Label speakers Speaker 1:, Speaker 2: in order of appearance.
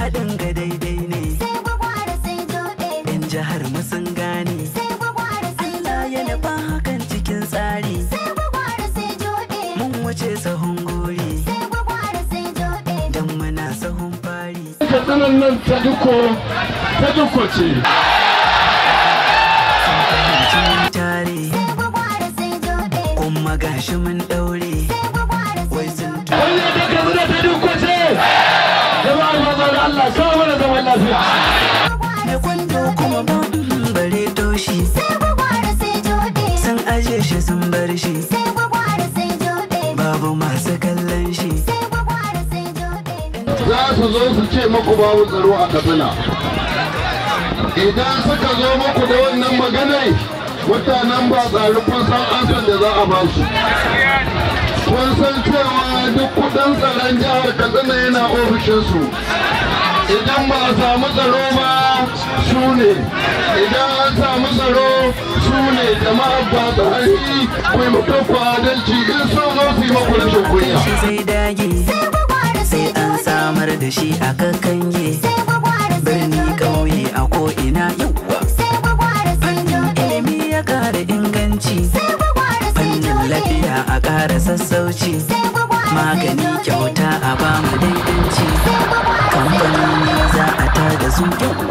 Speaker 1: haɗin ga daidai ne sai gwagware sai jobe yan jihar mu sun gane sai gwagware sai jobe Allah ya nufa hakan cikin tsari sai gwagware sai jobe mun wuce sahun gori sai gwagware sai jobe Don muna sahun fari tsanan nan ta duko ta duko ce tare
Speaker 2: kuma gashi mun daure
Speaker 3: Allah sha mana zaman lafiya mai kwando kuma bodin bare toshi sai gwagwara sai jode sun aje shi sun bar shi sai gwagwara sai jode babu masu kallon shi sai gwagwara sai
Speaker 2: jode za su zo su ce muku babu tsaro a katsina idan suka zo muku da wannan maganai mutanen ba tsari kun san ansan da za a ba su kun san cewa duk kudin tsaron jihar katsina yana ofishinsu idan ba a samu tsaro ba su ne idan an samu tsaro su ne jama'ar ba ta hali kai mutum ku adalci in sun zo su yi maku rashin kunya. sai
Speaker 4: an samar da shi a kakange birni ƙauye a ko'ina yau
Speaker 3: fannin
Speaker 4: ilimi ya ƙara inganci fannin lafiya a ƙara sassauci magani kyauta a bamu dai 心